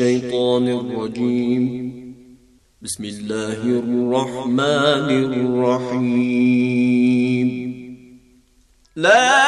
الشيطان الرجيم بسم الله الرحمن الرحيم لا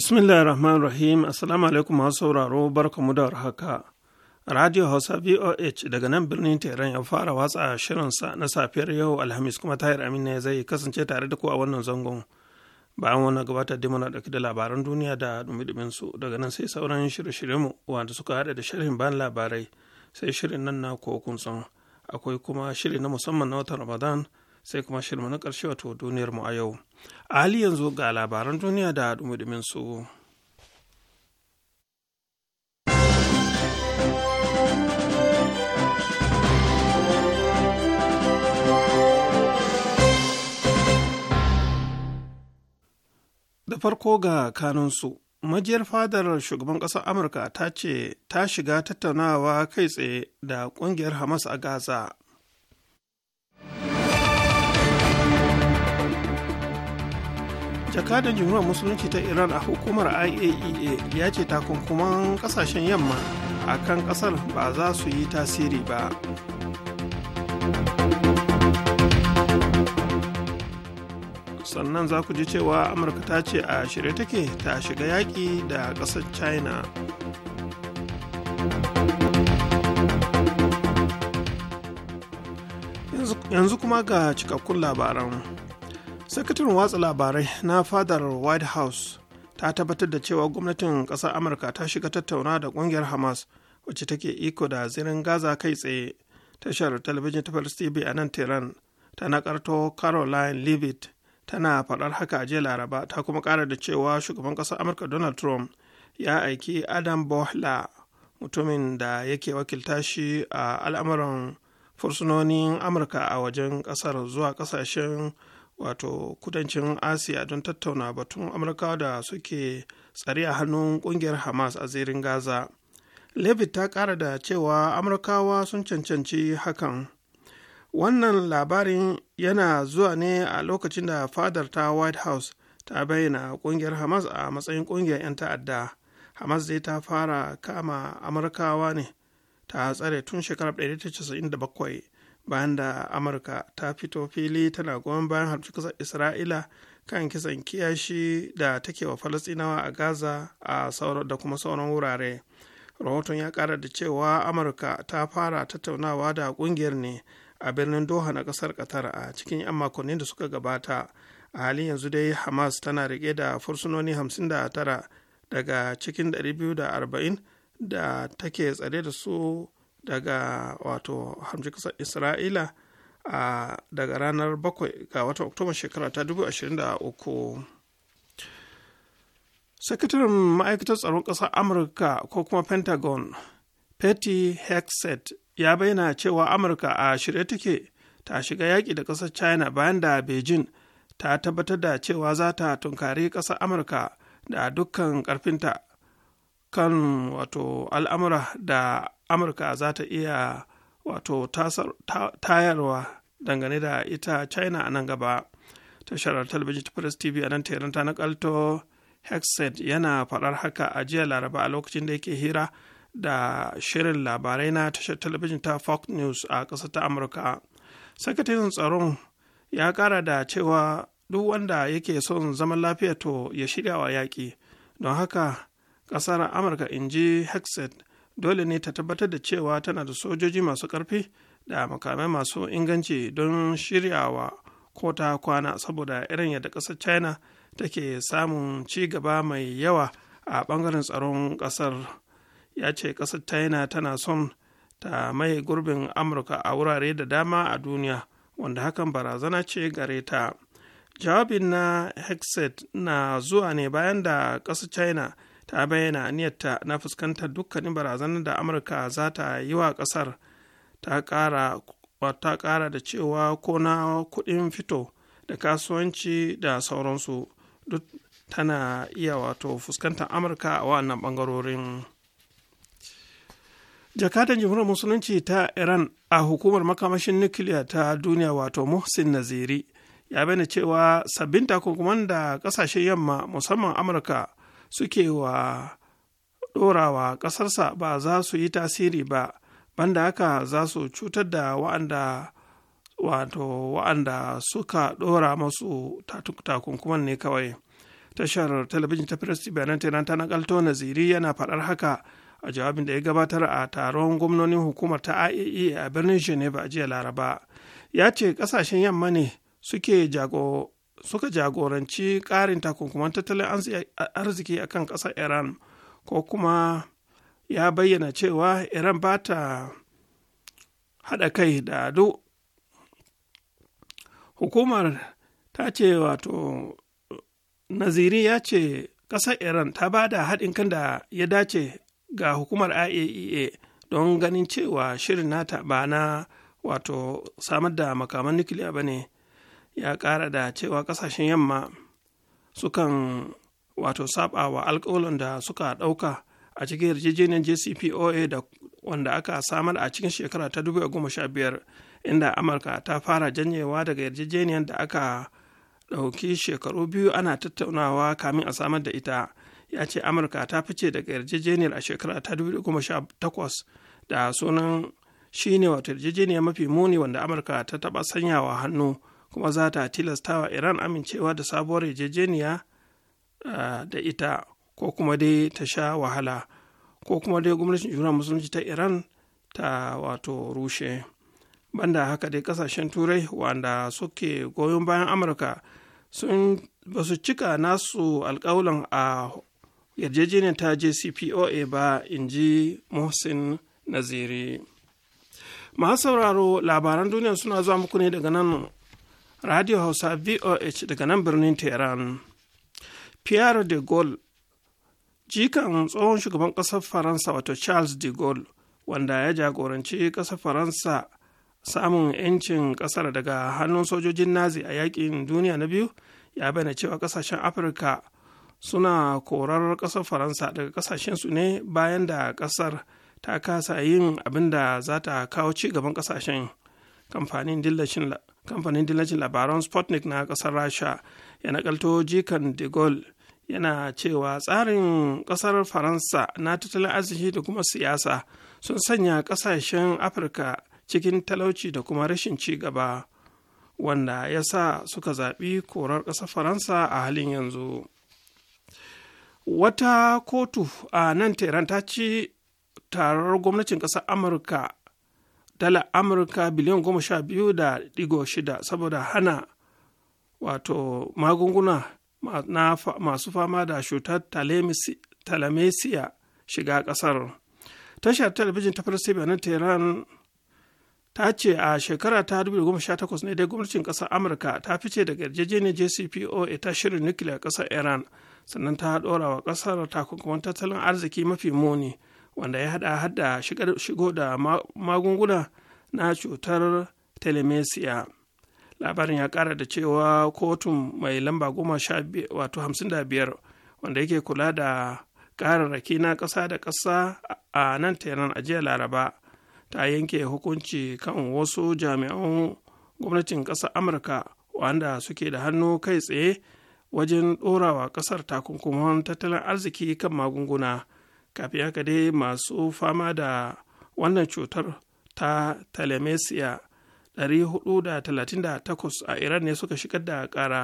Bismillahirrahmanirrahim. rahim Assalamu alaikum masu sauraro barkamu da haka. Radio Hausa VOH daga nan birnin Tehran ya fara watsa shirinsa na safiyar yau Alhamis kuma Tahir Amina zai kasance tare da ku a wannan zangon. Bayan wannan gabatar da muna ɗauki da labaran duniya da dumi su daga nan sai sauran shirye mu wanda suka haɗa da sharhin bayan labarai sai shirin nan na kokun san akwai kuma shiri na musamman na watan Ramadan sai kuma shirma na ƙarshe wato duniyar mu a yau a hali yanzu ga labaran duniya da dumudumin su da farko ga kanunsu majiyar fadar shugaban ƙasar amurka ta ce ta shiga tattaunawa kai tsaye da ƙungiyar hamas a gaza jakadan jumhuriyar musulunci ta iran a hukumar iaea e ya ce takunkuman kasashen yamma a kan kasar ba za su yi tasiri ba sannan za ku ji cewa amurka ta ce a shirye take ta shiga yaƙi da ƙasar china yanzu kuma ga cikakkun labaran sakataren watsa labarai na fadar white house ta tabbatar da cewa gwamnatin kasar amurka ta shiga tattauna da kungiyar hamas wacce take iko da zirin gaza kai tsaye tashar talabijin ta paris tv a nan tehran ta nakarto caroline levitt tana faɗar haka a jiya laraba ta kuma ƙara da cewa shugaban ƙasar amurka donald trump ya aiki adam bohla mutumin da yake wakilta shi a al'amuran fursunonin amurka a wajen ƙasar zuwa ƙasashen wato kudancin asiya don tattauna batun amurka da suke tsari a hannun kungiyar hamas a zirin gaza levitt ta kara da cewa amurkawa sun cancanci hakan wannan labarin yana zuwa ne a lokacin da fadar ta white house ta bayyana kungiyar hamas a matsayin kungiyar 'yan ta'adda hamas zai ta fara kama amurkawa ne ta tsare tun shekarar 1997 bayan da amurka ta fito fili tana goyon bayan harfi kasar isra'ila kan kisan kiyashi da take wa falastinawa a gaza a sauran da kuma sauran wurare rahoton ya kara da cewa amurka ta fara tattaunawa da kungiyar ne a birnin doha na kasar qatar a cikin 'yan makonnin da suka gabata a halin yanzu dai hamas tana rike da fursunoni 59 daga cikin 240 da take tsare da su daga wato hamshin kasar isra'ila a daga ranar bakwai ga watan oktoba shekara ta 2023 sakataren ma'aikatar tsaron ƙasar amurka ko kuma pentagon petty hexet ya bayyana cewa amurka a shirye take ta shiga yaƙi da ƙasar china bayan da beijing ta tabbatar da cewa za ta tunkari ƙasar amurka da dukkan ƙarfinta kan wato al'amura da amurka za ta iya wato tayarwa dangane da ita china a nan gaba tashar talabijin ta press tv a nan teran ta nakalto hexed yana faɗar haka a jiya laraba a lokacin da yake hira da shirin labarai na tashar talabijin ta fox news a ƙasar ta amurka sakatin tsaron ya kara da cewa duk wanda yake son zaman lafiya to ya shirya wa yaƙi don haka ƙasar amurka in ji hexed dole ne ta tabbatar da cewa tana da sojoji masu ƙarfi da makamai masu inganci don shiryawa ko ta kwana saboda irin yadda ƙasar china take samun ci gaba mai yawa a ɓangaren tsaron ƙasar ya ce ƙasar china tana son ta mai gurbin amurka a wurare da dama a duniya wanda hakan barazana ce gare ta jawabin na hexet na zuwa ne bayan da ƙasar china ta bayyana aniyarta na fuskantar dukkanin barazanar da amurka za ta yi wa kasar ta kara da cewa ko na kuɗin fito da kasuwanci da sauransu duk tana iya wato fuskantar amurka a wannan bangarorin jakadan jamhuriyar musulunci ta iran a hukumar makamashin nukiliya ta duniya wato muhsin naziri ya bayyana cewa sabbin takunkuman da kasashen yamma musamman amurka suke wa ɗorawa ƙasarsa ba za su yi tasiri ba banda haka za su cutar da wa'anda wato wa'anda suka ɗora masu takunkuman ne kawai tashar talabijin ta firist bayanan tenan ta nakalto naziri yana faɗar haka a jawabin da ya gabatar a taron gwamnonin hukumar ta iae a birnin geneva jiya laraba ya ce ƙasashen yamma ne suke jago suka jagoranci ƙarin takunkuman tattalin arziki a kan ƙasar iran ko kuma ya bayyana cewa iran ba ta haɗa kai da duk hukumar ta ce wato naziri ya ce ƙasar iran ta ba da haɗin kan da ya dace ga hukumar iaea e don ganin cewa shirin nata ba na wato samar da makaman nukiliya ba ne ya ƙara da cewa ƙasashen yamma sukan wato saba wa alkawalin da suka ɗauka a cikin yarjejeniyar jcpoa da wanda aka samar a cikin shekara ta 2015 inda amurka ta fara janyewa daga yarjejeniyar da aka ɗauki shekaru biyu ana tattaunawa kamin a samar da ita ya ce amurka ta fice daga yarjejeniyar a shekara ta 2018 da sunan shine wato yarjejeniyar mafi muni wanda amurka ta taba sanyawa hannu kuma za ta wa iran amincewa da sabuwar yarjejeniya eh, da ita ko kuma dai ta sha wahala ko kuma dai gwamnatin juna musulunci ta iran ta wato rushe banda haka dai kasashen turai wanda suke goyon bayan amurka sun ba su cika nasu alkawalan a yarjejeniyar ta jcpoa ba in ji mohsin naziri masu sauraro labaran duniya suna zuwa muku ne daga nan radio hausa voh daga nan birnin tehran pierre de gaulle jikan tsohon shugaban ƙasar faransa wato charles de gaulle wanda ya jagoranci ƙasar faransa samun 'yancin ƙasar daga hannun sojojin nazi a yakin duniya na biyu ya bayyana cewa ƙasashen afirka suna korar ƙasar faransa daga ƙasashensu ne bayan da ƙasar ta kasa yin abinda da za ta kawo ci gaban ƙasashen kamfanin dillacin kamfanin dillacin labaran sputnik na ƙasar rasha ya nakalto jikan de gaulle yana cewa tsarin ƙasar faransa na tattalin arziki da kuma siyasa sun sanya ƙasashen afirka cikin talauci da kuma rashin ci gaba wanda ya sa suka zaɓi korar ƙasar faransa a halin yanzu wata kotu a nan tehran ta ci tarar gwamnatin ƙasar amurka dala amurka biliyan goma sha biyu da digo shida saboda hana wato magunguna masu fama da cutar talamesiya shiga kasar tashar talabijin ta farsi bayanan tehran ta ce a shekara ta 2018 ne dai gwamnatin kasar amurka ta fice daga yarjejeniyar jcpoa ta shirin nukiliya kasar iran sannan ta ɗora wa kasar takunkuman tattalin arziki mafi muni wanda ya hada hada shigo da magunguna na cutar telemesia labarin ya kara da cewa kotun mai lamba goma sha wato hamsin da biyar wanda yake kula da ƙararraki na kasa da kasa a nan tenan a jiya laraba ta yanke hukunci kan wasu jami'an gwamnatin ƙasa amurka wanda suke da hannu kai tsaye wajen ɗorawa ƙasar takunkuman tattalin arziki kan magunguna kafin haka dai masu fama da wannan cutar ta telemesia 438 a iran ne suka shigar da kara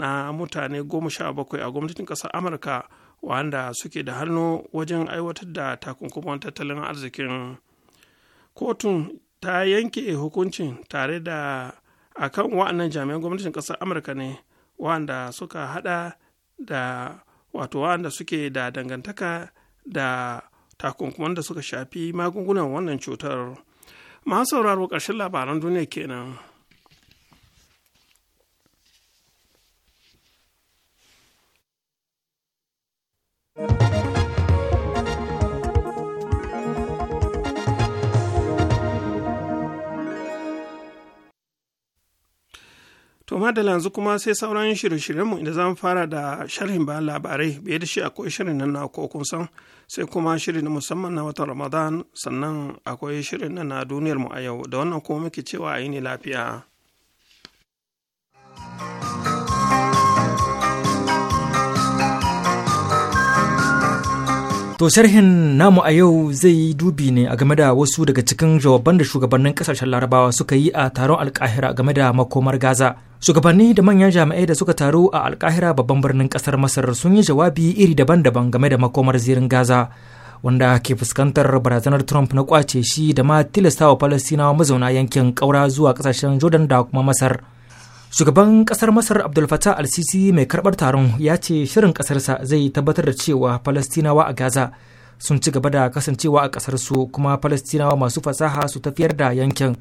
na mutane 17 a gwamnatin ƙasar amurka wanda suke da hannu wajen aiwatar da takunkuman tattalin arzikin kotun ta yanke hukuncin tare da akan wa'annan jami'an gwamnatin ƙasar amurka ne wanda suka hada da wato wanda suke da dangantaka da takunkuman da suka shafi magungunan wannan cutar masu sauraro ƙarshen labaran duniya kenan. To da yanzu kuma sai sauran shirye-shiryenmu inda mu fara da sharhin bayan labarai biye da shi akwai shirin nan na ko kun san sai kuma shirin na musamman na watan Ramadan sannan akwai shirin nan na duniyar mu a yau da wannan kuma muke cewa a yi ne lafiya. To sharhin namu a yau zai yi dubi ne a game da wasu daga cikin jawaban da shugabannin kasashen larabawa suka yi a taron alkahira game da makomar Gaza. Shugabanni da manyan jami'ai da suka taru a alkahira babban birnin kasar Masar sun yi jawabi iri daban-daban game da makomar zirin Gaza. wanda ke fuskantar barazanar Trump na kwace shi da ma tilastawa Falastinawa mazauna yankin ƙaura zuwa kasashen Jordan da kuma Masar. shugaban kasar masar abdul fatah al-sisi mai karbar taron ya ce shirin kasarsa zai tabbatar da cewa falastinawa a gaza sun ci gaba da kasancewa a kasar su kuma falastinawa masu fasaha su tafiyar da yankin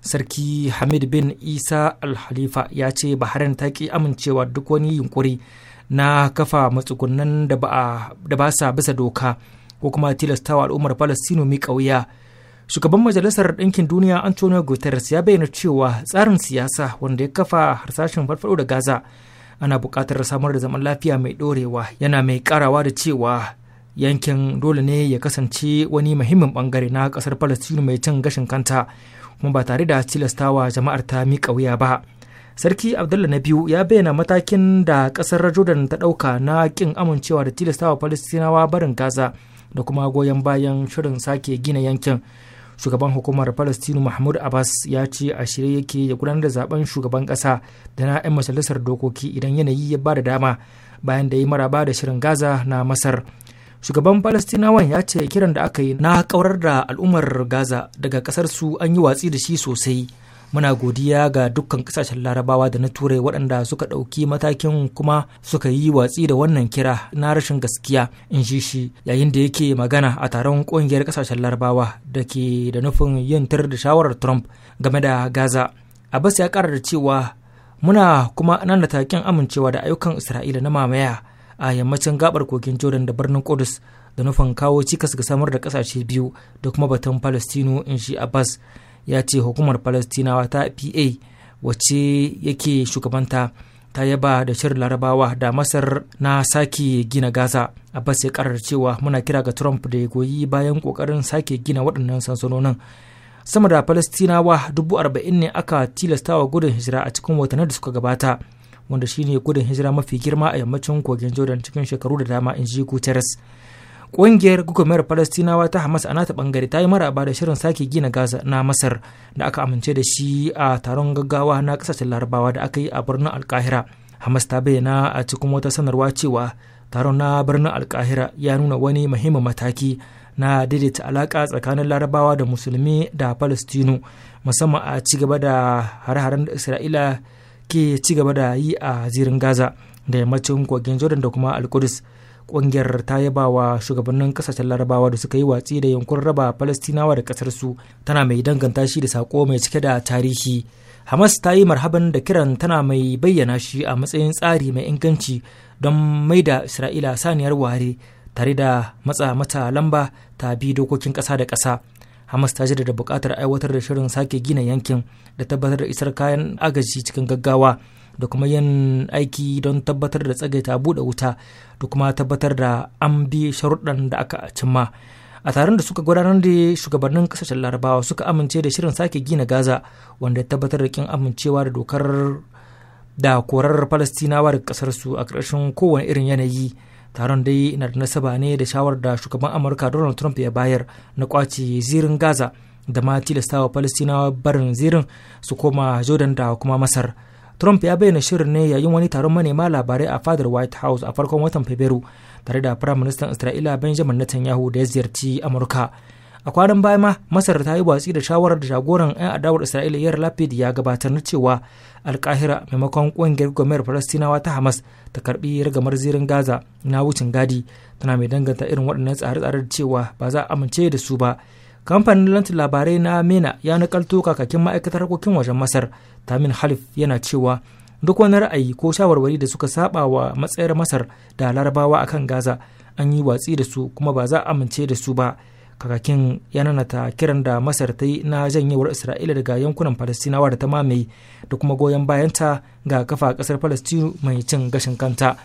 sarki hamid bin isa al-halifa ya ce bahrain ta ki amincewa duk wani yunkuri na kafa matsugunan da ba sa bisa doka ko kuma tilastawa al'ummar falastinu mi shugaban majalisar ɗinkin duniya antonio guterres ya bayyana cewa tsarin siyasa wanda ya kafa harsashen farfado da gaza ana buƙatar samar da zaman lafiya mai ɗorewa yana mai ƙarawa da cewa yankin dole ne ya kasance wani muhimmin bangare na ƙasar falastinu mai cin gashin kanta kuma ba tare da tilastawa jama'ar ta miƙa wuya ba sarki abdullah na biyu ya bayyana matakin da ƙasar jordan ta ɗauka na ƙin amincewa da tilastawa falastinawa barin gaza da kuma goyon bayan shirin sake gina yankin shugaban hukumar palestine mahmud abbas ya ce a shirye yake ya gudanar da zaben shugaban kasa da na 'yan majalisar dokoki idan yanayi ya ba da dama bayan da ya maraba da shirin gaza na masar shugaban palestinawan ya ce kiran da aka yi na kaurar da al'ummar gaza daga kasar su an yi watsi da shi sosai muna godiya ga dukkan kasashen larabawa da na turai waɗanda suka ɗauki matakin kuma suka yi watsi da wannan kira na rashin gaskiya in shi shi yayin da yake magana a taron ƙungiyar kasashen larabawa da ke da nufin yin tur da shawarar trump game da gaza abbas ya kara da cewa muna kuma nan da takin amincewa da ayyukan isra'ila na mamaya a yammacin gabar kogin jordan da birnin kudus da nufin kawo cikas ga samar da kasashe biyu da kuma batun palestino in shi abbas ya ce hukumar palestinawa ta pa wacce yake shugabanta ta yaba da shirin larabawa da masar na sake gina gaza abbas ya karar cewa muna kira ga trump da ya goyi bayan kokarin sake gina waɗannan sansanonin sama da palestinawa dubu arba'in ne aka tilastawa gudun hijira a cikin watanni da suka gabata wanda shine gudun hijira mafi girma a yammacin kogin jordan cikin shekaru da dama in ji guterres Ƙungiyar gwagwarmayar Falastinawa ta Hamas a nata bangare ta yi maraba da shirin sake gina Gaza na Masar da aka amince da shi a taron gaggawa na ƙasashen Larabawa da aka yi a birnin Alkahira. Hamas ta bayyana a cikin wata sanarwa cewa taron na birnin Alkahira ya nuna wani muhimmin mataki na daidaita alaka tsakanin Larabawa da Musulmi da Falastinu musamman a cigaba da hare-haren da Isra'ila ke cigaba da yi a zirin Gaza da yammacin kogin Jordan da kuma Alkudus. ƙungiyar ta yaba wa shugabannin kasashen larabawa da suka yi watsi da yankun raba falastinawa da ƙasarsu tana mai danganta shi da sako mai cike da tarihi hamas ta yi marhaban da kiran tana mai bayyana shi a matsayin tsari mai inganci don mai da isra'ila saniyar ware tare da matsa mata lamba ta bi dokokin ƙasa da ƙasa hamas ta jaddada buƙatar aiwatar da shirin sake gina yankin da tabbatar da isar kayan agaji cikin gaggawa da kuma yin aiki don tabbatar da tsagaita buɗe wuta da kuma tabbatar da an bi sharuɗan da aka cimma a taron da suka gudanar da shugabannin kasashen larabawa suka amince da shirin sake gina gaza wanda ya tabbatar da kin amincewa da dokar da korar falastinawa da ƙasar su a ƙarshen kowane irin yanayi taron dai na da nasaba ne da shawarar da shugaban amurka donald trump ya bayar na kwace zirin gaza da ma tilastawa falastinawa barin zirin su koma jordan da kuma masar Trump ya bayyana shirin ne yayin wani taron manema labarai a fadar White House a farkon watan Fabrairu tare da Prime Minister Isra'ila Benjamin Netanyahu da ya ziyarci Amurka. A kwanan baya ma Masar ta yi watsi da shawarar da jagoran 'yan adawar Isra'ila Yair Lapid ya gabatar na cewa Alkahira maimakon kungiyar gwamnatin Falastinawa ta Hamas ta karbi ragamar zirin Gaza na wucin gadi tana mai danganta irin waɗannan tsare-tsare cewa ba za a amince da su ba. kamfanin lantin labarai na mena ya nakalto kakakin ma'aikatar harkokin wajen masar tamin halif yana cewa duk wani ra'ayi ko shawarwari da suka saba wa matsayar masar da larabawa akan gaza an yi watsi da su kuma ba za a amince da su ba kakakin ya nanata kiran da masar ta yi na janyewar isra'ila daga yankunan falastinawa da ta mamaye da kuma goyon bayanta ga kafa kasar falastinu mai cin gashin kanta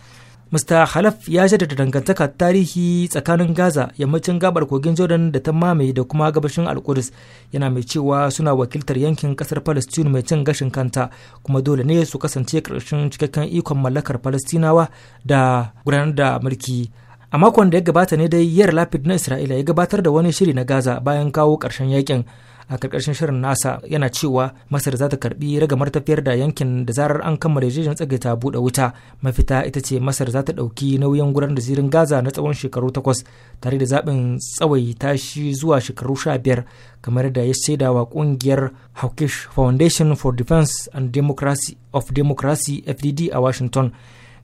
Mr. Halaf ya jaddada dangantaka tarihi tsakanin Gaza, yammacin gabar kogin Jordan da ta mamaye da kuma gabashin Alkudus, yana mai cewa suna wakiltar yankin kasar Palestine mai cin gashin kanta, kuma dole ne su kasance ƙarshen cikakken ikon mallakar Palestinawa da gudanar da mulki. A makon da ya gabata ne dai yar Lapid na Isra'ila ya gabatar da wani shiri na Gaza bayan kawo ƙarshen yakin. a karkashin shirin nasa yana cewa masar za ta karbi ragamar tafiyar da yankin da zarar an kammala tsage ta bude wuta mafita ita ce masar za ta ɗauki nauyin gudanar da zirin gaza na tsawon shekaru takwas tare da zaɓin tsawai shi zuwa shekaru sha biyar kamar da ya shaida wa ƙungiyar hawkish foundation for defense and democracy of democracy fdd a washington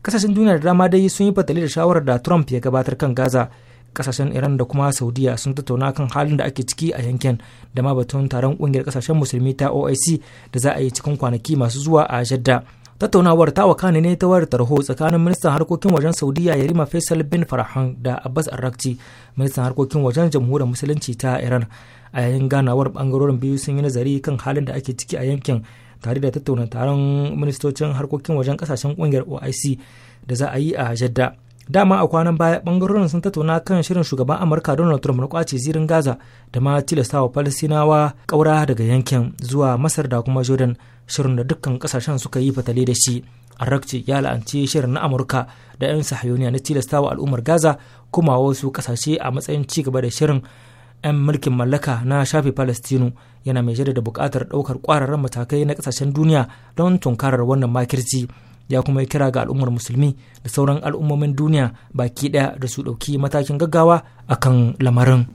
kasashen duniya da dama dai sun yi fatali da shawarar da trump ya gabatar kan gaza kasashen iran da kuma saudiya sun tattauna kan halin da ake ciki a yankin da ma batun taron kungiyar kasashen musulmi ta oic da za a yi cikin kwanaki masu zuwa a jadda tattaunawar ta wakane ne ta wayar tarho tsakanin ministan harkokin wajen saudiya yarima faisal bin farhan da abbas arrakci ministan harkokin wajen jamhuriyar musulunci ta iran a yayin ganawar bangarorin biyu sun yi nazari kan halin da ake ciki a yankin tare da tattauna taron ministocin harkokin wajen kasashen kungiyar oic da za a yi a jadda dama a kwanan baya bangarorin sun tattauna kan shirin shugaban amurka donald trump na kwace zirin gaza da ma tilasta wa falastinawa kaura daga yankin zuwa masar da kuma jordan shirin da dukkan kasashen suka yi fatali da shi arakci ya la'anci shirin na amurka da 'yan sahayoniya na tilasta wa al'ummar gaza kuma wasu kasashe a matsayin ci gaba da shirin 'yan mulkin mallaka na shafe palestinu yana mai jaddada buƙatar ɗaukar ƙwararren matakai na kasashen duniya don tunkarar wannan makirci ya kuma yi kira ga al'ummar musulmi da sauran al'ummomin duniya baki daya da su ɗauki matakin gaggawa akan lamarin.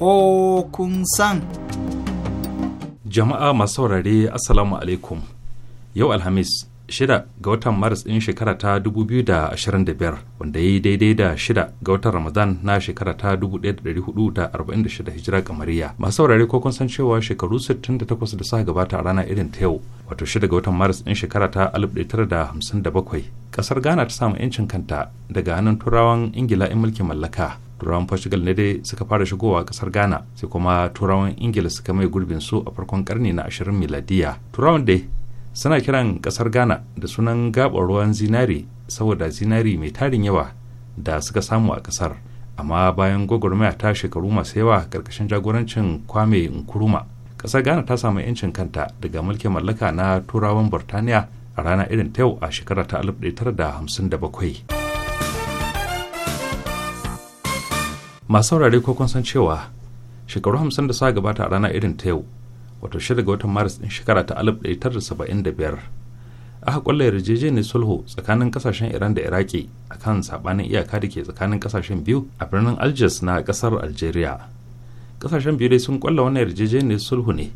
Ko kun san. Jama'a masu saurare Assalamu alaikum. Yau Alhamis shida ga watan maris ɗin shekara ta 2025 wanda ya yi daidai da shida ga watan ramadan na shekara ta 1446 hijira kamariya masu saurare ko kun san cewa shekaru 68 da suka gabata a rana irin ta yau wato 6 ga watan maris ɗin shekara ta 1957 kasar ghana ta samu 'yancin kanta daga hannun turawan ingila in mulkin mallaka turawan portugal ne dai suka fara shigowa kasar ghana sai kuma turawan ingila suka mai gurbin su a farkon karni na 20 miladiya turawan dai suna kiran kasar ghana da sunan gabar ruwan zinari saboda zinari mai tarin yawa da suka samu a kasar amma bayan gwagwarmaya ta shekaru masu yawa karkashin jagorancin kwame nkuruma kasar ghana ta samu 'yancin kanta daga mulkin mallaka na turawan burtaniya a rana irin ta yau a shekara ta 1957 masu saurare ko kun san cewa shekaru 50 da suka gabata a rana irin ta yau wato shida ga watan maris din shekara ta 1975 aka kwallo yarjejeniyar sulhu tsakanin kasashen iran da iraki A kan sabanin iyaka da ke tsakanin kasashen biyu a birnin algiers na kasar algeria kasashen biyu dai sun kwallo wannan yarjejeniyar sulhu ne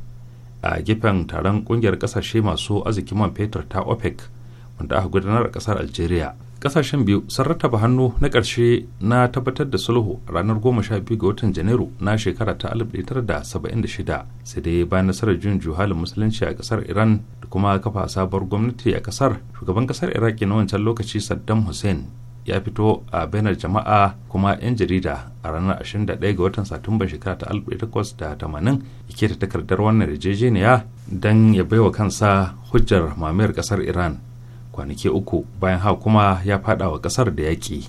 a gefen taron kungiyar kasashe masu arzikin man fetur ta opec wanda aka gudanar a kasar algeria kasashen biyu sun rattaba hannu na ƙarshe na tabbatar da sulhu ranar 12 ga watan janairu na shekara ta 1976 sai dai bayan nasarar jin juhalin musulunci a ƙasar iran da kuma kafa sabuwar gwamnati a ƙasar shugaban ƙasar iraki na wancan lokaci saddam hussein ya fito a bainar jama'a kuma 'yan jarida a ranar 21 ga watan satumban shekara ta 1880 yake da takardar wannan yarjejeniya don ya baiwa kansa hujjar mamayar ƙasar iran kwanaki uku bayan hau kuma ya fada wa kasar da yaƙi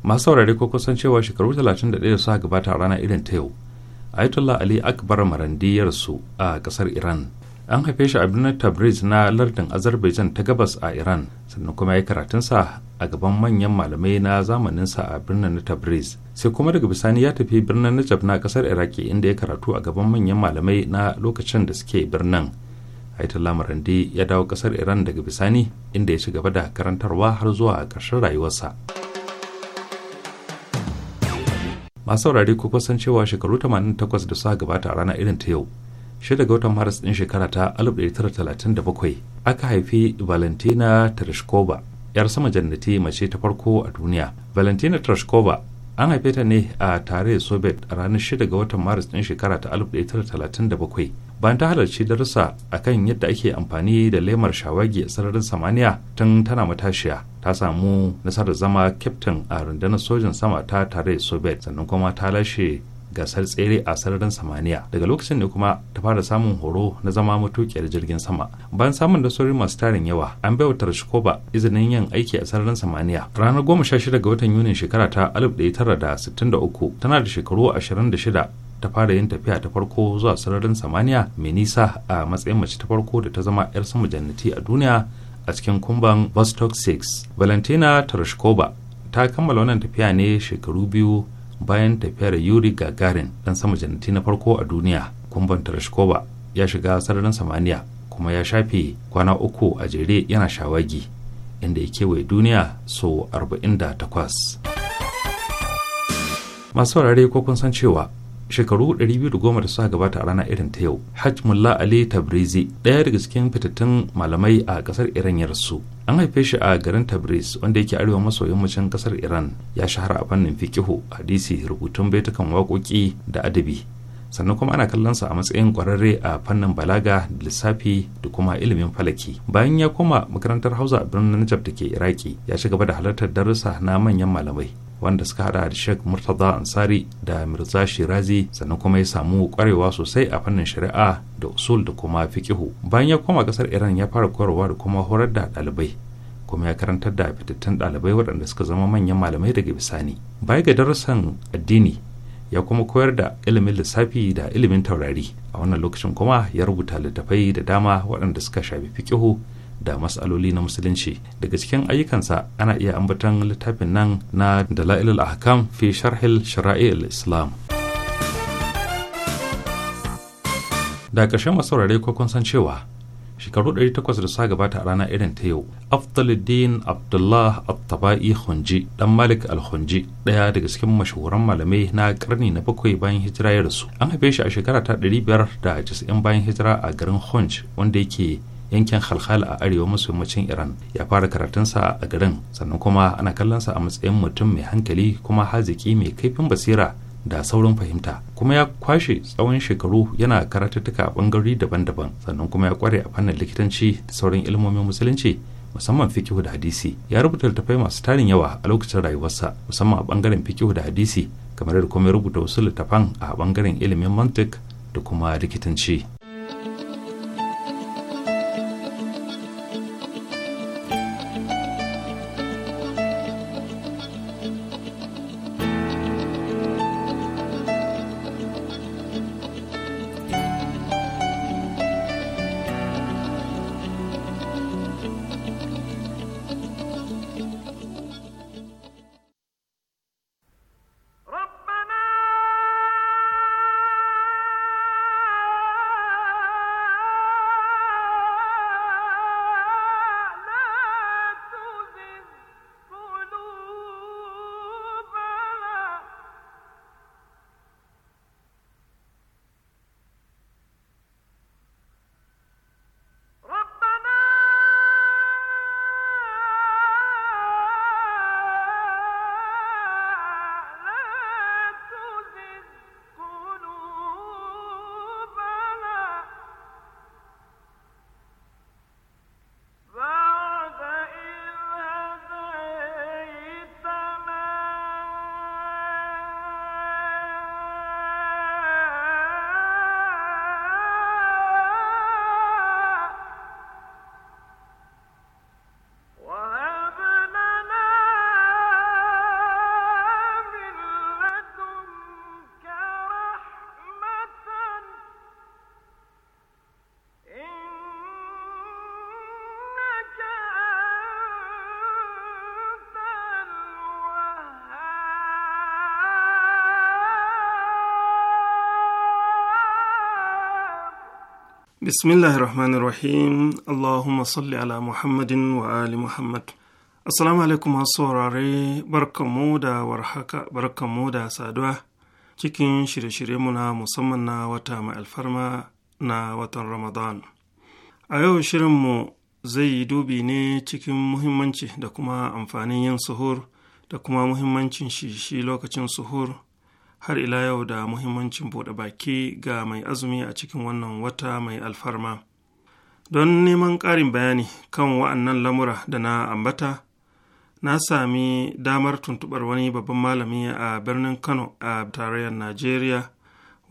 masu saurari ko kusan cewa shekaru 31 da suka gabata a rana irin ta yau ayatollah ali akbar marandi ya a kasar iran an haife shi a birnin tabriz na lardin azerbaijan ta gabas a iran sannan kuma ya karatunsa a gaban manyan malamai na zamaninsa a birnin na tabriz sai kuma daga bisani ya tafi birnin najaf na kasar iraki inda ya karatu a gaban manyan malamai na lokacin da suke birnin lamarin da ya dawo kasar iran daga bisani inda ya ci gaba da karantarwa har zuwa ƙarshen rayuwarsa masu saurari ko kusan cewa shekaru 88 da suka gabata a rana irin ta yau shida ga watan maris ɗin shekara ta 1937 aka haifi valentina tereshkova yar sama jannati mace ta farko a duniya valentina tereshkova an haife ta ne a tare soviet a ranar 6 ga watan maris ɗin shekara ta 1937 bayan ta halarci darussa akan yadda ake amfani da lemar shawagi a sararin samaniya tun tana matashiya ta samu nasarar zama kyaftin a rundunar sojin sama ta tare soviet sannan kuma ta lashe gasar tsere a sararin samaniya daga lokacin ne kuma ta fara samun horo na zama matukiyar jirgin sama bayan samun nasarori masu tarin yawa an bai wa tarshikoba izinin yin aiki a sararin samaniya ranar goma sha shida ga watan yuni shekara ta alif ɗaya tara da sittin da uku tana da shekaru ashirin da shida ta fara yin tafiya ta farko zuwa sararin samaniya mai nisa a matsayin mace ta farko da ta zama 'yar sama jannati a duniya a cikin kumban vostok 6 valentina tarashkova ta kammala wannan tafiya ne shekaru biyu bayan tafiyar yuri gagarin dan sama janati na farko a duniya kumban tarashkova ya shiga sararin samaniya kuma ya shafe kwana uku a jere yana shawagi inda ya kewaye duniya so 48 masu saurare ko kun san cewa shekaru 210 da suka gabata a rana irin ta yau hajj mulla ali tabrizi ɗaya daga cikin fitattun malamai a ƙasar iran ya rasu an haife shi a garin tabriz wanda yake arewa maso yammacin ƙasar iran ya shahara a fannin fikihu hadisi rubutun baitukan waƙoƙi da adabi sannan kuma ana kallon sa a matsayin kwararre a fannin balaga da lissafi da kuma ilimin falaki bayan ya koma makarantar hausa a birnin najaf da ke iraki ya ci gaba da halartar darussa na manyan malamai wanda suka hada da Sheikh Murtaza Ansari da Mirza Shirazi sannan kuma ya samu kwarewa sosai a fannin shari'a da usul da kuma fiqihu bayan ya koma kasar Iran ya fara koyarwa da kuma horar da ɗalibai kuma ya karantar da fitattun ɗalibai waɗanda suka zama manyan malamai daga bisani Bayan ga darussan addini ya kuma koyar da ilimin lissafi da ilimin taurari a wannan lokacin kuma ya rubuta littattafai da dama waɗanda suka shafi fiqihu da matsaloli na musulunci daga cikin ayyukansa ana iya ambatan littafin nan na dala'ilul ahkam fi sharhil shara'il islam da ƙarshen masaurare ko kun san cewa shekaru 800 da sa gabata a rana irin ta yau afdaluddin abdullah abtaba'i hunji dan malik al daya daga cikin mashahuran malamai na karni na bakwai bayan hijira ya rasu an haife shi a shekara ta 590 bayan hijira a garin hunj wanda yake yankin halhal a arewa maso yammacin iran ya fara karatunsa a garin sannan kuma ana kallonsa a matsayin mutum mai hankali kuma haziki mai kaifin basira da saurin fahimta kuma ya kwashe tsawon shekaru yana karatuttuka a bangarori daban-daban sannan kuma ya kware a fannin likitanci da sauran ilmomin musulunci musamman fikihu da hadisi ya rubuta littafai masu tarin yawa a lokacin rayuwarsa musamman a bangaren fikihu da hadisi kamar da kuma ya rubuta wasu littattafan a bangaren ilimin mantik da kuma likitanci بسم الله rahim الرحيم salli ala muhammadin wa ali muhammad السلام alaikum masu saurare barkanmu da warhaka barkanmu da saduwa cikin shirye-shiryenmu na musamman na wata mai alfarma na watan ramadan a yau shirinmu zai yi dubi ne cikin muhimmanci da kuma amfanin yin suhur da kuma muhimmancin shi shi lokacin suhur har ila yau da muhimmancin buɗe baki ga mai azumi a cikin wannan wata mai alfarma don neman ƙarin bayani kan wa'annan lamura da na ambata na sami damar tuntuɓar wani babban malami a birnin kano a tarayyar najeriya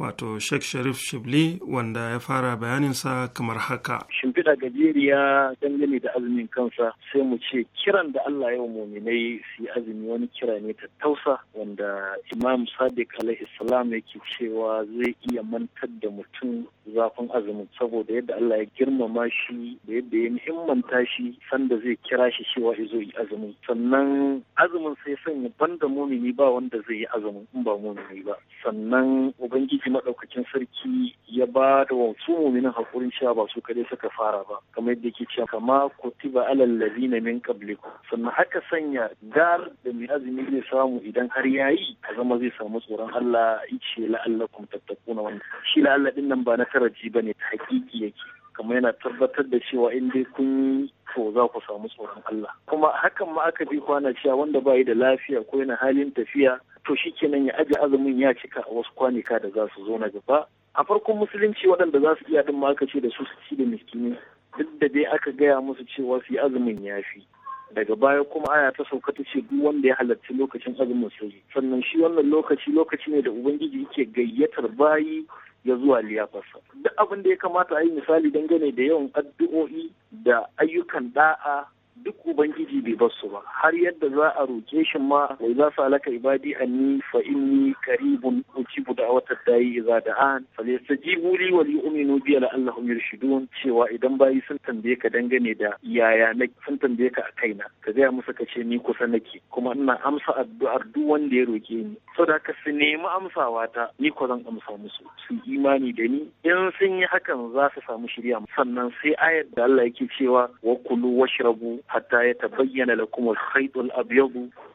wato Sheikh Sharif Shibli wanda ya fara bayaninsa kamar haka. Shimfiɗa gajeriya dangane da azumin kansa sai mu ce kiran da Allah yau muminai su yi azumi wani kira ne ta tausa wanda Imam Sadiq alaihi salam yake cewa zai iya mantar da mutum zafin azumin saboda yadda Allah ya girmama shi da yadda ya muhimmanta shi sanda zai kira shi cewa izo yi azumin sannan azumin sai sanya banda mumini ba wanda zai yi azumin in ba mumini ba sannan ubangiji maɗaukacin sarki ya ba da wasu muminin haƙurin cewa ba su kaɗai suka fara ba kamar yadda yake cewa kama kutiba alal ladina min qablikum sannan haka sanya dar da mai azumi zai samu idan har yayi Ka zama zai samu tsoron Allah ice la'allakum tattaquna wannan shi la'alla din nan ba na taraji bane hakiki yake kamar yana tabbatar da cewa in dai kun to za ku samu tsoron Allah kuma hakan ma aka bi kwana cewa wanda ba da lafiya ko yana halin tafiya to shi kenan ya aje azumin ya cika a wasu kwanika da za su zo na gaba a farkon musulunci waɗanda za su iya din ma aka ce da su su ci da miskini duk da dai aka gaya musu cewa su yi azumin ya fi daga baya kuma aya ta sauka ta ce duk wanda ya halarci lokacin azumin sirri sannan shi wannan lokaci lokaci ne da ubangiji yake gayyatar bayi ya zuwa liyafarsa duk abin da ya kamata a yi misali dangane da yawan addu'o'i da ayyukan da'a duk ubangiji bai basu ba har yadda za a roke shi ma wai za su alaka ibadi anni fa inni karibun ujibu da'watad da'i idza da'an falyastajibu li wa liyu'minu bi la'allahum yurshidun cewa idan bayi sun tambaye ka dangane da yaya na sun tambaye ka a kaina ka gaya musu ka ce ni kusa nake kuma ina amsa addu'ar duk wanda ya roke ni saboda haka su nemi amsawa ta ni ko zan amsa musu su imani da ni in sun yi hakan za su samu shirya sannan sai ayar da Allah yake cewa wa kulu washrabu hatta ya tabayyana lakum al-khayt al-abyad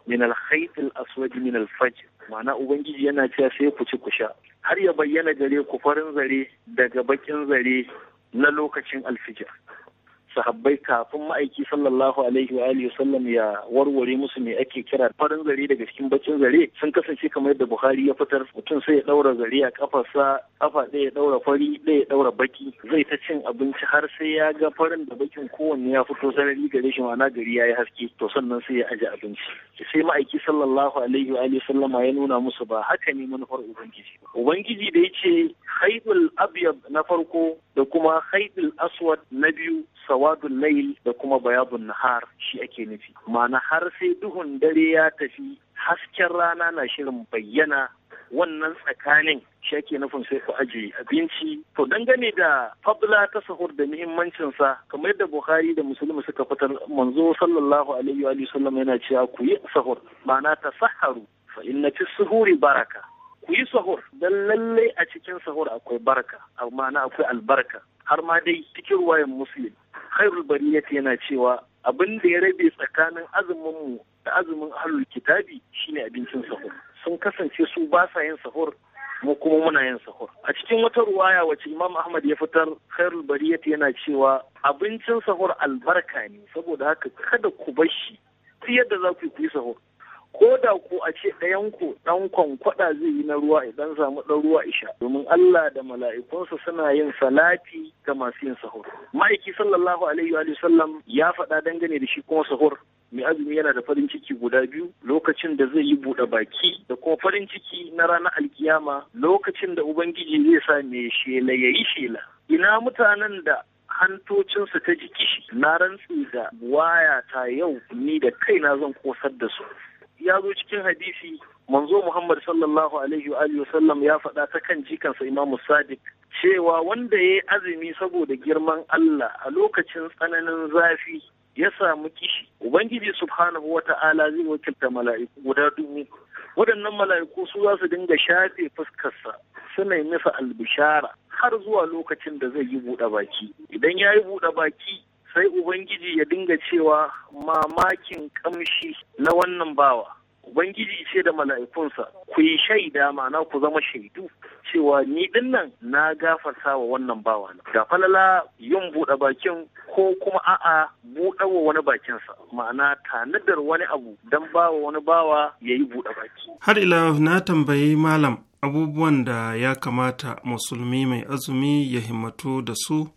min al-khayt al-aswad min al-fajr ma'ana ubangiji yana cewa sai ku ci ku sha har ya bayyana gare ku farin zare daga bakin zare na lokacin alfijir sahabbai kafin ma'aiki sallallahu alaihi wa alihi sallam ya warware musu me ake kira farin zare daga cikin bakin zare sun kasance kamar yadda Buhari ya fitar mutum sai ya daura zare a kafarsa kafa ɗaya ya daura fari ɗaya ya daura baki zai ta cin abinci har sai ya ga farin da bakin kowanne ya fito sarari gare shi ma'ana gari ya yi haske to sannan sai ya aje abinci sai ma'aiki sallallahu alaihi wa alihi sallam ya nuna musu ba haka ne manufar ubangiji ubangiji da ya ce haibul abyad na farko da kuma haidul aswad na biyu sawadun Nail da kuma bayabun nahar shi ake nufi ma'ana har sai duhun dare ya tafi hasken rana na shirin bayyana wannan tsakanin shi ake nufin sai ku ajiye abinci to dangane da fabla ta sahur da muhimmancinsa kamar yadda bukhari da musulmi suka fitar manzo sallallahu alaihi wa sallam yana cewa ku yi sahur ma'ana ta saharu fa inna fi suhuri baraka ku yi sahur dan lallai a cikin sahur akwai baraka amma na akwai albarka har ma dai cikin ruwayan muslim khairul bariyati yana cewa abin da ya rabe tsakanin azumin mu da azumin ahlul kitabi shine abincin sahur sun kasance su ba sa yin sahur mu kuma muna yin sahur a cikin wata ruwaya wacce imam ahmad ya fitar khairul bariyati yana cewa abincin sahur albarka ne saboda haka kada ku bar shi yadda za ku yi sahur ko da ko a ce ɗayanku ɗan kwankwaɗa zai yi na ruwa idan samu ɗan ruwa isha domin Allah da mala'ikunsa suna yin salati ga masu yin sahur ma'aiki sallallahu alaihi wa sallam ya faɗa dangane da shi kuma sahur mai azumi yana da farin ciki guda biyu lokacin da zai yi buɗe baki da kuma farin ciki na ranar alkiyama lokacin da ubangiji zai sa mai shela ya yi shela ina mutanen da hantocinsu ta jiki na rantsu da waya ta yau ni da kaina zan kosar da su ya zo cikin hadisi manzo Muhammad sallallahu alaihi wa alihi sallam ya faɗa ta kan jikansa Imam Sadiq cewa wanda ya azumi saboda girman Allah a lokacin tsananin zafi ya samu kishi Ubangiji subhanahu wa ta'ala zai wakilta mala'iku guda dubu waɗannan mala'iku su za su dinga shafe fuskarsa suna masa albishara har zuwa lokacin da zai yi buɗe baki idan ya yi buɗe baki sai Ubangiji ya dinga cewa mamakin kamshi na wannan bawa. Ubangiji ce da mala'ikunsa, ku yi shaida ma'ana ku zama shaidu cewa ni din nan na gafarta wa wannan bawa na. Ga falala yin buɗe bakin ko kuma a'a buɗe wa wani bakinsa ma'ana tanadar wani abu don bawa wani bawa ya yi buɗe baki. Har ila na tambayi malam abubuwan da ya kamata musulmi mai azumi ya himmatu da su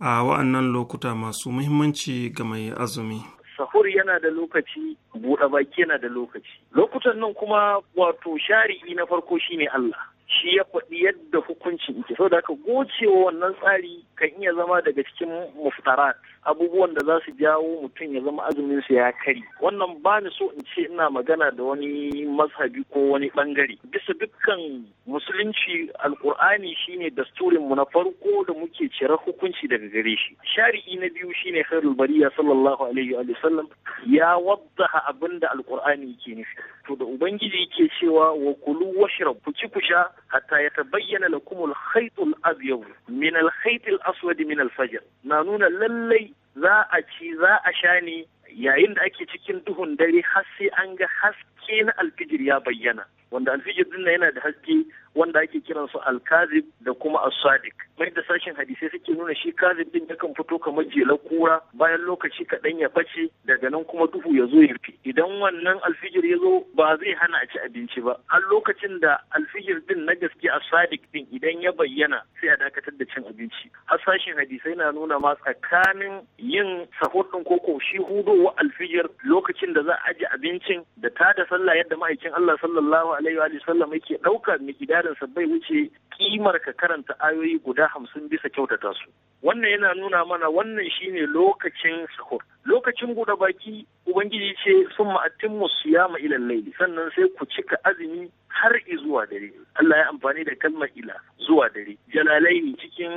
a wa'annan lokuta masu muhimmanci ga mai azumi. Sahur yana da lokaci, buɗe baki yana da lokaci. Lokutan nan kuma wato shari'i na farko shine Allah. shi ya faɗi yadda hukuncin yake da aka gocewa wannan tsari kan iya zama daga cikin muftarat abubuwan da za su jawo mutum ya zama azumin su ya kari wannan ba ni so in ce ina magana da wani mazhabi ko wani bangare bisa dukkan musulunci alkur'ani shine dasturin mu na farko da muke cire hukunci daga gare shi shari'i na biyu shine khairul bariya sallallahu alaihi wa sallam ya wadda abinda alkur'ani yake nufi to da ubangiji yake cewa wa kulu washrab ku ci ku sha hatta ya ta tabayyana lakumul khaytul abyad min al khaytil aswad min al fajr na nuna lallai za a ci za a sha ni yayin da ake cikin duhun dare har sai an ga haske na alfijir ya bayyana wanda alfijir din yana da haske wanda ake kiran su alkazib da kuma asadik mai da sashen hadisai suke nuna shi kazib din yakan fito kamar jelar kura bayan lokaci kaɗan ya bace daga nan kuma duhu ya zo ya rufe idan wannan alfijir ya zo ba zai hana a ci abinci ba har lokacin da alfijir din na gaske asadik din idan ya bayyana sai a dakatar da cin abinci har sashen hadisai na nuna ma tsakanin yin sahur ko ko shi hudo fitowa alfijir lokacin da za a aje abincin da ta da sallah yadda ma'aikin Allah sallallahu alaihi wa sallam yake ɗauka mikidarin sa bai wuce kimar ka karanta ayoyi guda hamsin bisa kyautata su wannan yana nuna mana wannan shine lokacin sahur lokacin buɗe baki ubangiji ce sun ma'atin yama ilan laili sannan sai ku cika azumi har zuwa dare Allah ya amfani da kalmar ila zuwa dare jalalaini cikin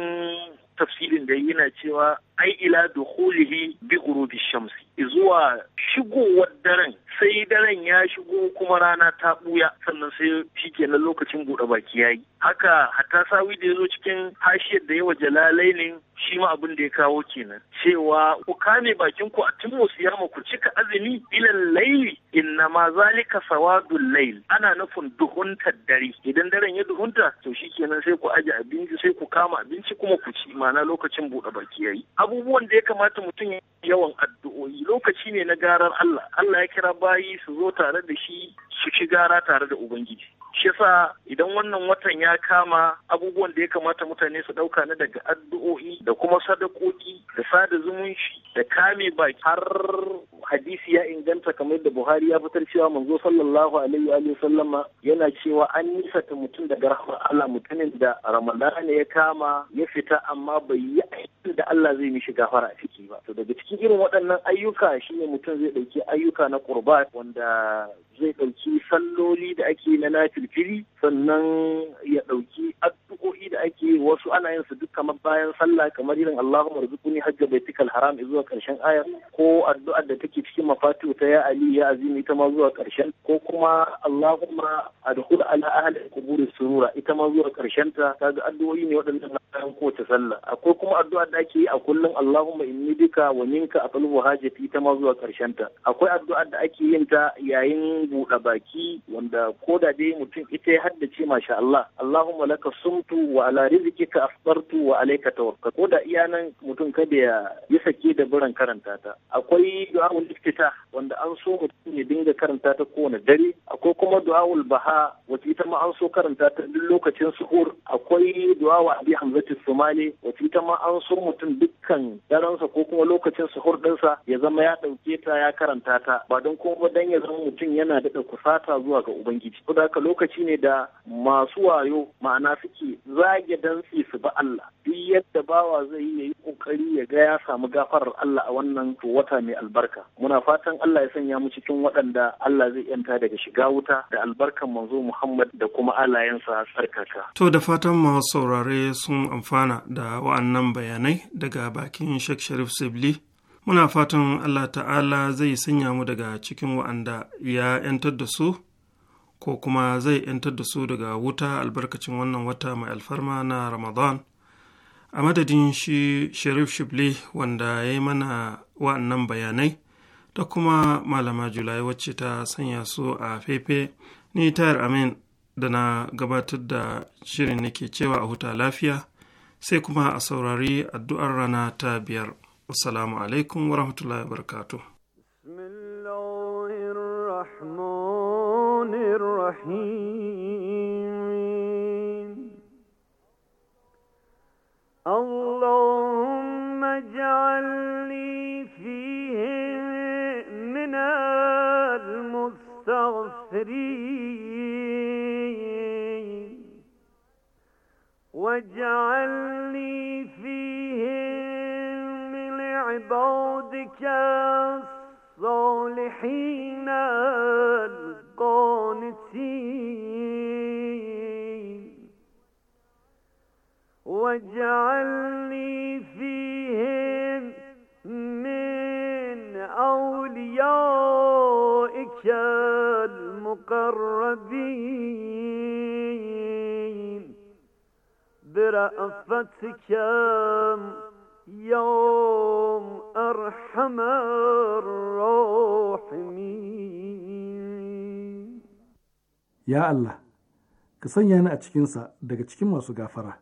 tafsirin da yana cewa ai ila dukhulihi bi ghurubi shamsi zuwa shigowar daren sai daren ya shigo kuma rana ta buya sannan sai shi shikenan lokacin buɗe baki yayi haka hatta sawi da yazo cikin hashiyar da yawa jalalainin shi ma abin da ya kawo kenan cewa ku kame bakin ku a timmu ya ku cika azumi ilal laili inna ma zalika sawadul lail ana nufin duhun dare idan daren ya duhunta to shi kenan sai ku aje abinci sai ku kama abinci kuma ku ci Mana lokacin buɗe baki yayi abubuwan da ya kamata mutum yawan addu'o'i lokaci ne na garar Allah Allah ya kira bayi su zo tare da shi su ci gara tare da ubangiji shi yasa idan wannan watan ya kama abubuwan da ya kamata mutane su ɗauka na daga addu'o'i da kuma sadakoki da sada zumunci da kame baki har hadisi ya inganta kamar da Buhari ya fitar cewa manzo sallallahu alaihi wa sallama yana cewa an nisata mutum daga rahmar Allah mutumin da Ramadan ya kama ya fita amma bai yi aikin da Allah zai mishi gafara a ciki ba to daga cikin irin waɗannan ayyuka shine mutum zai ɗauki ayyuka na kurba wanda zai ɗauki salloli da ake na nafilfili sannan ya ɗauki addu'o'i da ake wasu ana yin su duk kamar bayan sallah kamar irin Allahumma rizquni hajja baitikal haram zuwa karshen aya. ko addu'ar da take cikin mafatu ta ya ali ya azimi ita ma zuwa karshen. ko kuma Allahumma adkhul ala ahli qubur surura ita ma zuwa karshen ta kaga addu'o'i ne waɗannan bayan kowace sallah akwai kuma addu'ar da ake yi a kullum Allahumma inni bika wa minka atlubu hajati ita ma zuwa karshen ta akwai addu'ar da ake yin ta yayin buɗe baki wanda ko da dai mutum ita ya haddace masha Allah Allahumma laka sumtu wa ala ka asbartu wa alayka tawakkal ko da iya nan mutum kada ya yi sake da buran karanta ta akwai du'aul iftita wanda an so mutum ya dinga karanta ta kowane dare akwai kuma du'aul baha wacce ita ma an so karanta ta duk lokacin suhur akwai du'awa abi hamzatu sumali wacce ita ma an so mutum dukkan daransa ko kuma lokacin suhur dinsa ya zama ya dauke ta ya karanta ta ba don kuma dan ya zama mutum yana yana daɗa kusata zuwa ga ubangiji ko da lokaci ne da masu wayo ma'ana suke zage dantsi su ba Allah duk yadda bawa zai yi yayi kokari ya ga ya samu gafarar Allah a wannan wata mai albarka muna fatan Allah ya sanya mu cikin waɗanda Allah zai yanta daga shiga wuta da albarkan manzo Muhammad da kuma alayensa tsarkaka to da fatan masu saurare sun amfana da wa'annan bayanai daga bakin Sheikh Sharif Sibli muna fatan allah ta'ala zai sanya mu daga cikin wa'anda ya 'yantar da su ko kuma zai 'yantar da su daga wuta albarkacin wannan wata mai alfarma na ramadan a madadin shi sharif shibli wanda ya yi mana wa'annan bayanai da kuma malama julai wacce ta sanya su a faife ni tayar amin da na gabatar da shirin nake cewa a huta lafiya sai kuma a saurari addu'ar rana ta biyar Assalamu alaikum wa rahmatullahi wa barakatuh. اللهم اجعل لي فيه من المستغفرين واجعلني فيه عبادك الصالحين القانتين واجعلني فيهم من أوليائك المقربين برأفتك يا أرحم allah ka sanya ni a cikinsa daga cikin masu gafara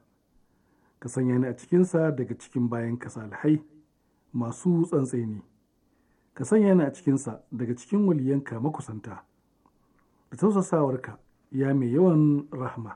ka sanya ni a cikinsa daga cikin bayan kasalhai masu tsantseni ka sanya ni a cikinsa daga cikin waliyanka makusanta da tausasawarka ya mai yawan rahama.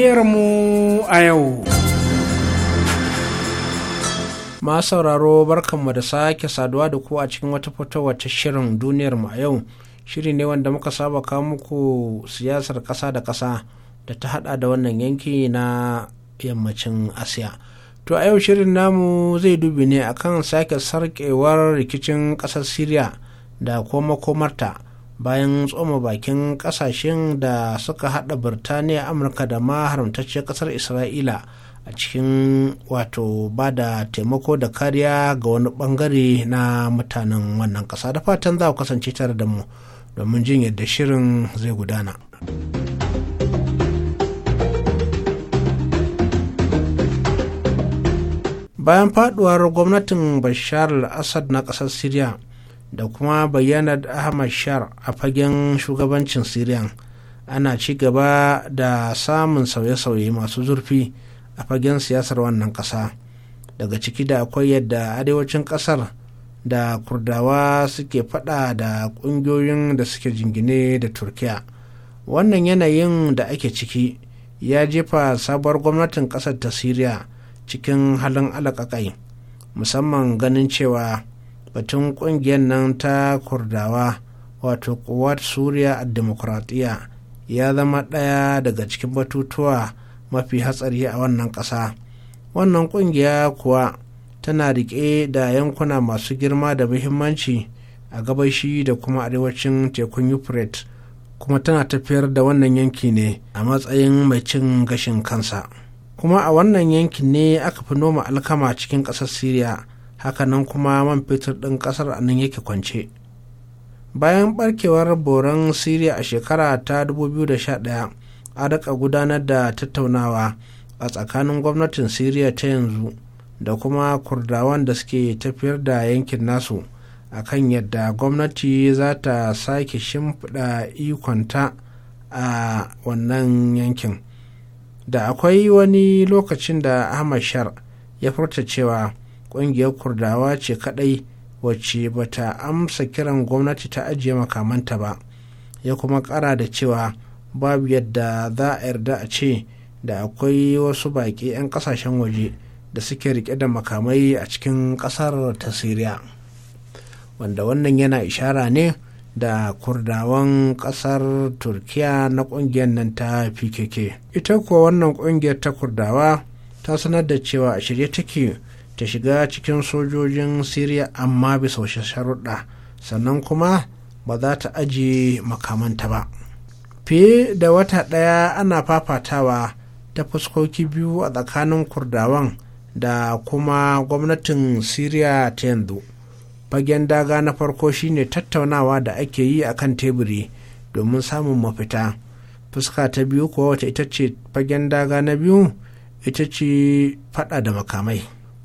duniyarmu a yau. ma sauraro barkanmu da sake saduwa da ku a cikin wata fitowar ta shirin duniyarmu a yau. Shiri ne wanda muka saba kawo muku siyasar ƙasa da ƙasa da ta hada da wannan yanki na yammacin Asiya. To a yau shirin namu zai dubi ne akan sake sarkewar rikicin ƙasar Siriya da koma komarta. bayan tsoma bakin kasashen da suka hada birtaniya amurka da ma ƙasar kasar isra'ila a cikin wato ba da taimako da kariya ga wani bangare na mutanen wannan kasa da fatan za ku kasance tare da mu domin jin yadda shirin zai gudana. bayan faduwar gwamnatin bashar al-assad na kasar syria da kuma bayyanar ahmad shar a fagen shugabancin syrian ana ci gaba da samun sauye-sauye masu zurfi a fagen siyasar wannan ƙasa daga ciki da akwai yadda arewacin ƙasar da kurdawa suke fada da ƙungiyoyin da suke jingine da turkiya wannan yanayin da ake ciki ya jefa sabuwar gwamnatin ƙasar ta syria cikin halin alaƙaƙai musamman ganin cewa batun kungiyar nan ta kurdawa wato kuwar suriya a demokratiya ya zama ɗaya daga cikin batutuwa mafi hatsari a wannan ƙasa wannan kungiya kuwa tana riƙe da yankuna masu girma da muhimmanci a gabashi da kuma arewacin tekun euphrates kuma tana tafiyar da wannan yanki ne a matsayin mai cin gashin kansa kuma a wannan yankin ne aka fi noma alkama cikin ƙasar syria hakanan kuma man fetur ɗin ƙasar a nan yake kwance bayan barkewar boran siriya a shekara ta 2011 a daga gudanar da tattaunawa a tsakanin gwamnatin siriya ta yanzu da kuma kurdawan da suke tafiyar da yankin nasu akan yadda gwamnati za ta sake shimfiɗa ikonta a wannan yankin da akwai wani lokacin da ahmad shar ya furta cewa ƙungiyar kurdawa ce kadai wacce bata amsa kiran gwamnati ta ajiye makamanta ba ya kuma kara da cewa babu yadda za a yarda a ce da akwai wasu baƙi 'yan ƙasashen waje da suke rike da makamai a cikin ƙasar ta siriya wanda wannan yana ishara ne da kurdawan ƙasar turkiya na ƙungiyar nan ta pkk ita kuwa wannan ƙungiyar ta kurdawa ta sanar da cewa a shirye take ta shiga cikin sojojin siriya amma bisa wasu sharuɗa sannan kuma ba za ta ajiye makamanta ba fiye da wata ɗaya ana fafatawa ta fuskoki biyu a tsakanin kurdawan da kuma gwamnatin siriya ta yanzu fagen daga na farko shine tattaunawa da ake yi a kan teburi domin samun mafita fuska ta biyu kuwa wata ita ce fagen daga na biyu ita ce fada da makamai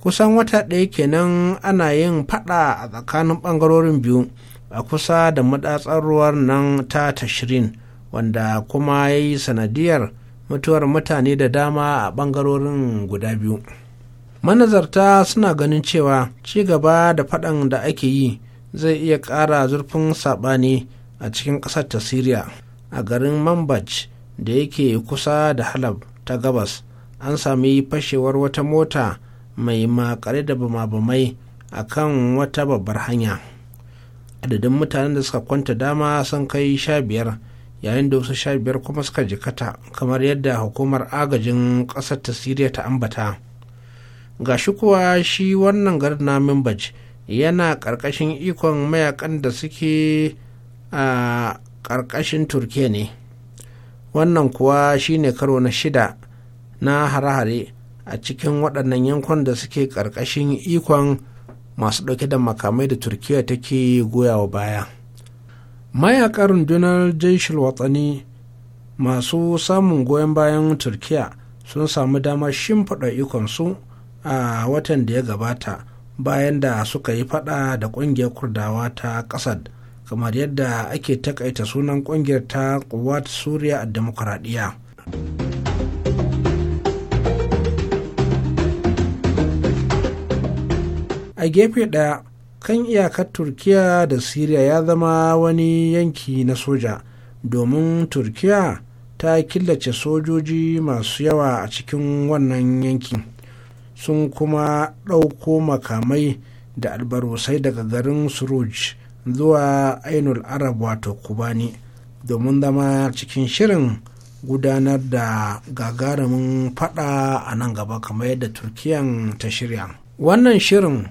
kusan wata ɗaya kenan ana yin faɗa a tsakanin ɓangarorin biyu a kusa da madatsar ruwan nan ta tashirin wanda kuma ya yi sanadiyar mutuwar mutane da dama a ɓangarorin guda biyu manazarta suna ganin cewa ci gaba da faɗan da ake yi zai iya ƙara zurfin saɓani a cikin ƙasar ta siriya a garin mambaj da yake kusa da halab ta gabas an sami fashewar wata mota mai makare da bama-bamai a kan wata babbar hanya adadin mutanen da suka kwanta dama sun kai sha biyar yayin da wasu sha biyar kuma suka jikata kamar yadda hukumar agajin ƙasar ta siriya ta ambata ga shi kuwa shi wannan garin na mimbaj yana ƙarƙashin ikon mayakan da suke a ƙarƙashin turkiya ne wannan kuwa shine karo na shida na hare-hare a cikin waɗannan yankon da suke ƙarƙashin ikon masu ɗauke da makamai da turkiya take goyawa baya mayaƙa rundunar jaishil watsani masu samun goyon bayan turkiya sun samu damar shimfiɗa ikonsu a watan da ya gabata bayan da suka yi faɗa da ƙungiyar kurdawa ta ƙasar kamar yadda ake takaita sunan ƙungiyar ta kuwat suriya a demokuraɗiyya. a gefe ɗaya kan iyakar turkiya da siriya ya zama wani yanki na soja domin turkiya ta killace sojoji masu yawa a cikin wannan yanki sun kuma ɗauko makamai da albarusai daga garin suruj zuwa ainul arab wato kubani domin zama cikin shirin gudanar da gagarumin fada a nan gaba kamar yadda turkiyan ta shirya wannan shirin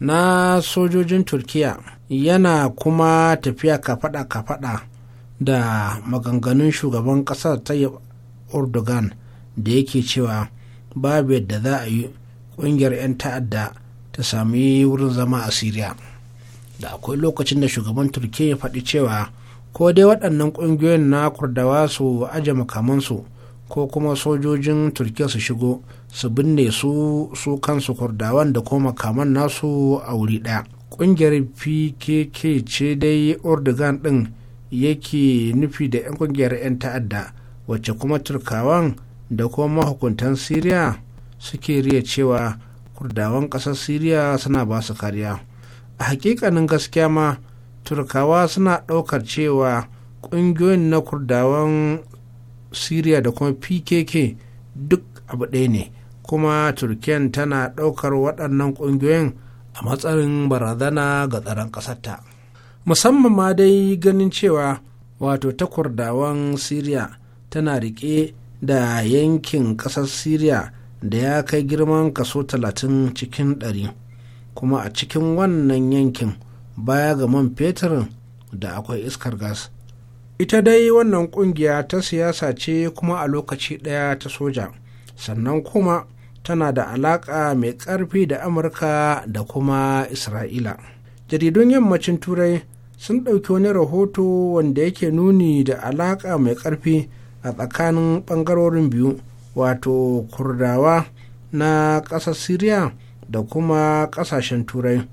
na sojojin turkiya yana kuma tafiya kafada-kafada da maganganun shugaban kasar tayyip erdogan da yake cewa babu yadda za a yi kungiyar 'yan ta'adda ta sami wurin zama a syria da akwai lokacin da shugaban turkiya ya faɗi cewa ko dai waɗannan ƙungiyoyin na kurdawa su aje makamansu ko kuma sojojin turkiya su shigo su binne su su kansu kurdawan da kuma makaman nasu a wuri ɗaya ƙungiyar pkk ce dai ordogan ɗin yake nufi da 'yan ƙungiyar 'yan ta'adda wacce kuma turkawan da kuma mahukuntan siriya suke riya cewa kurdawan ƙasar siriya suna ba su kariya a hakikanin gaskiya ma turkawa suna ɗaukar cewa ƙungiyoyin na kurdawan syria da kuma pkk duk abu ɗaya ne kuma turkiyan tana ɗaukar waɗannan ƙungiyoyin a matsayin barazana ga tsaron ƙasarta musamman ma dai ganin cewa wato takwardawan syria tana riƙe da yankin ƙasar syria da ya kai girman kaso 30 cikin ɗari kuma a cikin wannan yankin baya ga man fetur da akwai iskar gas ita dai wannan kungiya ta siyasa ce kuma a lokaci ɗaya ta soja sannan kuma tana da alaƙa mai ƙarfi da amurka da kuma isra'ila jaridun yammacin turai sun ɗauki wani rahoto wanda yake nuni da alaƙa mai ƙarfi a tsakanin ɓangarorin biyu wato kurdawa na ƙasar siriya da kuma ƙasashen turai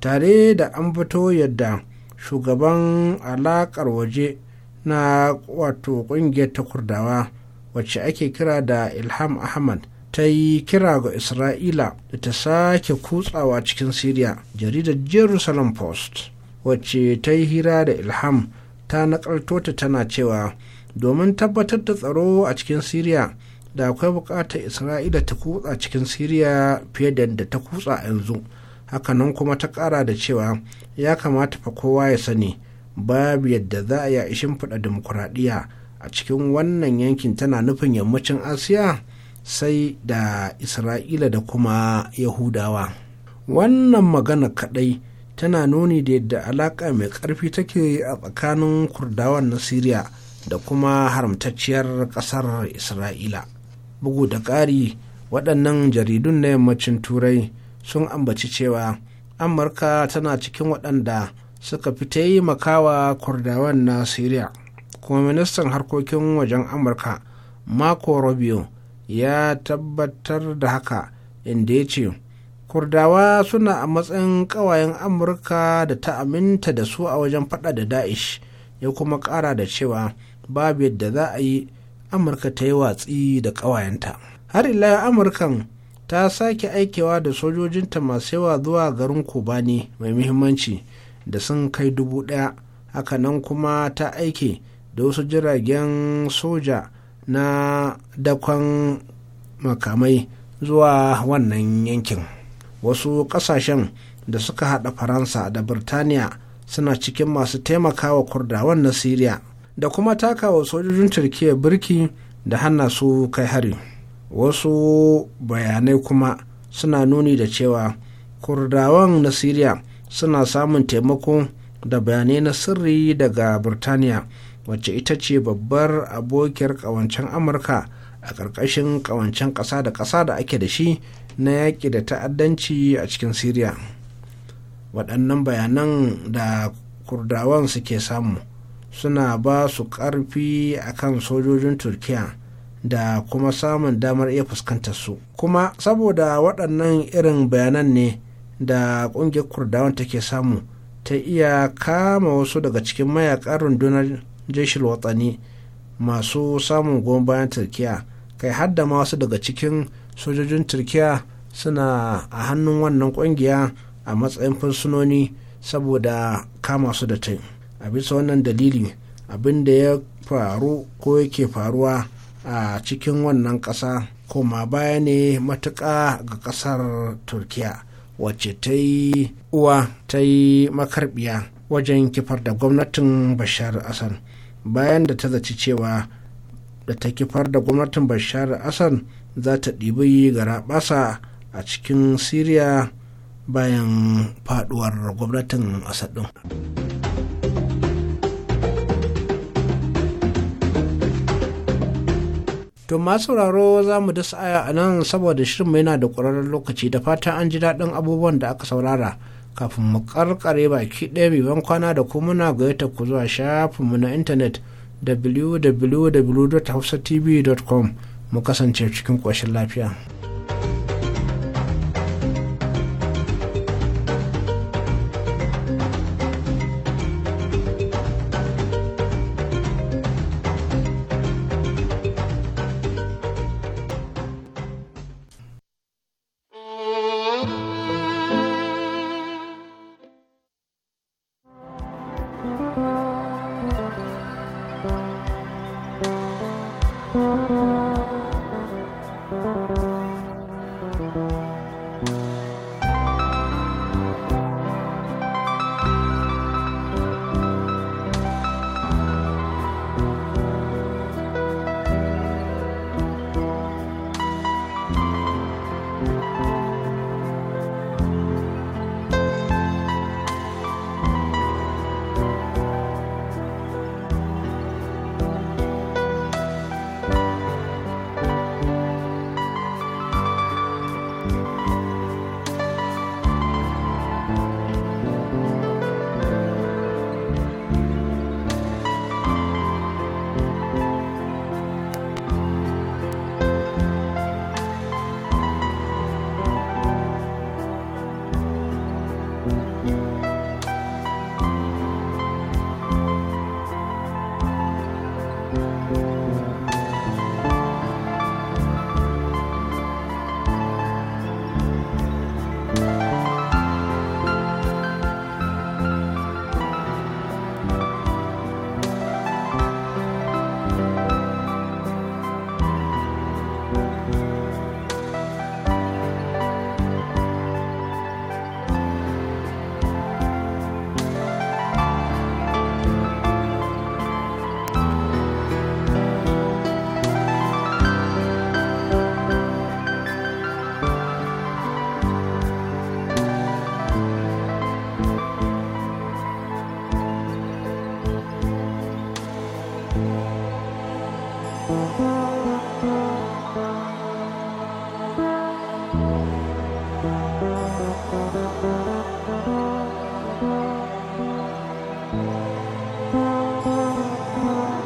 tare da an fito yadda shugaban alaƙar waje na wato ƙungiyar ta kurdawa wacce ake kira da ilham ahmad ta yi kira ga isra'ila da ta sake kutsawa cikin Siriya? jaridar jerusalem post wacce ta yi hira da ilham ta nakalto ta tana cewa domin tabbatar da tsaro a cikin Siriya, da akwai bukatar isra'ila ta kutsa cikin Siriya fiye da da ta kutsa yanzu hakanan kuma ta kara da cewa ya kamata fa kowa ya sani babu yadda za a yi shimfiɗa demokuraɗiyya a cikin wannan yankin tana nufin yammacin asiya sai da isra'ila da kuma yahudawa wannan magana kaɗai tana nuni da yadda alaƙa mai ƙarfi take a tsakanin kurdawan na siriya da kuma haramtacciyar ƙasar isra'ila bugu da ƙari waɗannan jaridun na yammacin turai sun ambaci cewa amurka tana cikin waɗanda suka fi makawa kurdawan na syria kuma ministan harkokin wajen amurka marco rubio ya tabbatar da haka inda ya ce kurdawa suna a matsayin ƙawayen amurka da ta aminta da su a wajen faɗa da daesh ya kuma ƙara da cewa babu yadda za a yi amurka ta yi watsi da ƙawayenta. har ila amurkan ta sake aikewa da sojojinta masu yawa zuwa garin kobani mai muhimmanci da sun kai dubu ɗaya nan kuma ta aiki da wasu jiragen soja na dakon makamai zuwa wannan yankin wasu ƙasashen da suka haɗa faransa da birtaniya suna cikin masu taimakawa kurdawan na siriya da kuma takawa sojojin turkiyya birki da hana su kai hari wasu bayanai kuma suna nuni da cewa kurdawan na siriya suna samun taimako da bayanai na sirri daga birtaniya wacce ita ce babbar abokiyar ƙawancen amurka a ƙarƙashin ƙawancen ƙasa da ƙasa da ake da shi na yaƙi da ta'addanci a cikin siriya waɗannan bayanan da kurdawan suke samu suna ba su ƙarfi a kan sojojin turkiya da kuma samun damar iya fuskantar su kuma saboda waɗannan irin bayanan ne da ƙungiyar kurdawan take samu ta iya kama wasu daga cikin mayakan rundunar jeshil watsani masu samun goma bayan turkiya kai hadda ma wasu daga cikin sojojin turkiya suna a hannun wannan ƙungiya a matsayin fursunoni saboda kama su da ta a bisa wannan dalili abin da ya faru ko yake faruwa a cikin wannan ƙasa koma baya ne matuƙa ga ƙasar turkiya wacce ta yi uwa ta yi makarbiya wajen kifar da gwamnatin bashar asan bayan da ta zaci cewa da ta kifar da gwamnatin bashar asan za ta ɗibi garaɓasa a cikin siriya bayan faduwar gwamnatin asad ɗin. To masu sauraro za mu da sa'aya a nan saboda shirin yana da ƙwararren lokaci da fatan an ji daɗin abubuwan da aka saurara kafin mu karkare baki ɗaya mai ban kwana da kuma muna gayyata ku zuwa shafinmu na intanet www.hausatv.com mu kasance cikin ƙoshin lafiya.